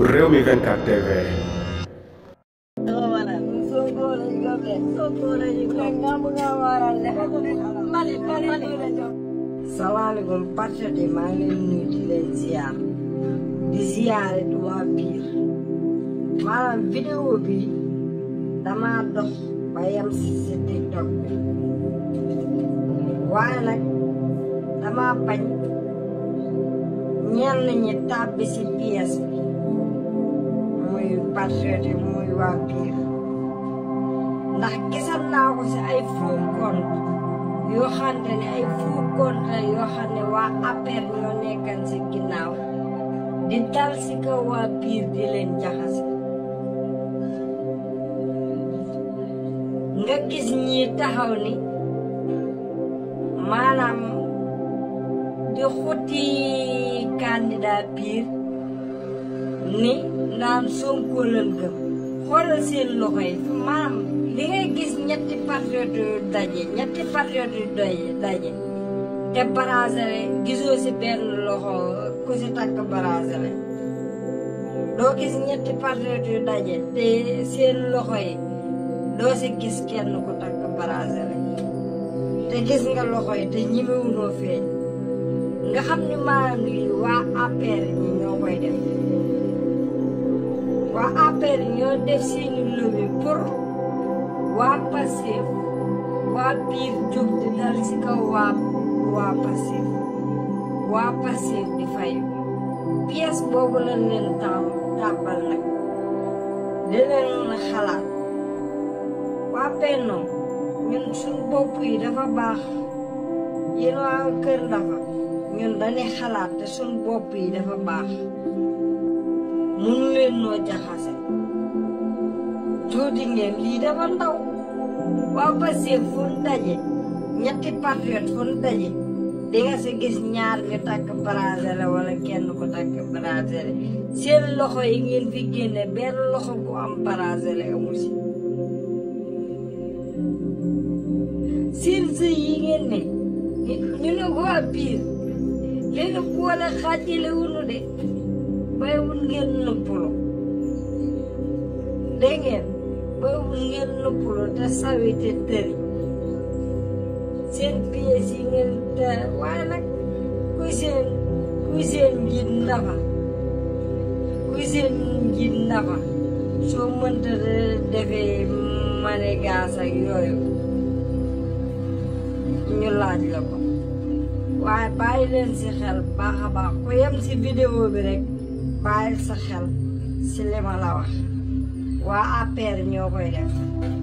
Rewmi 24 TV. salaamaaleykum partenaires maa ngi leen nuyu di ziar di waa biir maanaam vidéo bi dama ba yem si TikTok bi waaye nag dama bañ ñenn ñi tàbbi si pièce muy passeeti muy waa biir ndax gisal si ay faux compte yoo xam ay faux compte la yoo xam ne waa APR ñoo si ginnaaw di dal si kaw waa biir di leen jaxase nga gis ñii taxaw ni maanaam di xuti candidat biir ni naan Sonko lañ gëm xoolal seen loxo yi maanaam li ngay gis ñetti patriote yu daje ñetti patriote yu daje te brasere gisoo si benn loxo ku si takk brasere doo gis ñetti patriote yu daje te seen loxo yi doo si gis kenn ku takk brasere te gis nga loxo yi te ñimewunoo feeñ nga xam ni maanaam lii waa APR ñi ñoo koy def waa APR ñoo def seeni lobby pour waa Pastef waa biir di dal ci kaw waa waa Pastef waa Pastef di fay pièce boobu lañ leen taam tàmbal nag di leen mën a xalaat waa Benno ñun suñ bopp yi dafa baax yéen waa kër dafa ñun dañuy xalaat te suñ bopp yi dafa baax mun leen noo jaxase tuuti ngeen lii dafa ndaw waa Pastef fu mu ñetti patriote fu mu daje si gis ñaar ñu takk bracelet wala kenn ko takk bracelet seen loxo yi ngeen fi génne benn loxo bu am bracelet amu si seen sëy yi ngeen ne ñu ne ko waa biir leen boole xaajale de bàyyiwul ngeen nëppulu dégg ngeen bàyyiwul ngeen nëppulu te sawite tëri seen pièces yi ngeen te waaye nag kuy seen kuy seen njiit ndafa kuy seen njiit ndafa soo mënta defee manégas ak yooyu ñu laaj la ko waaye bàyyi xel baax a ku yem si vidéo bi bàyyil sa xel si li ma la wax waa APR ñoo koy def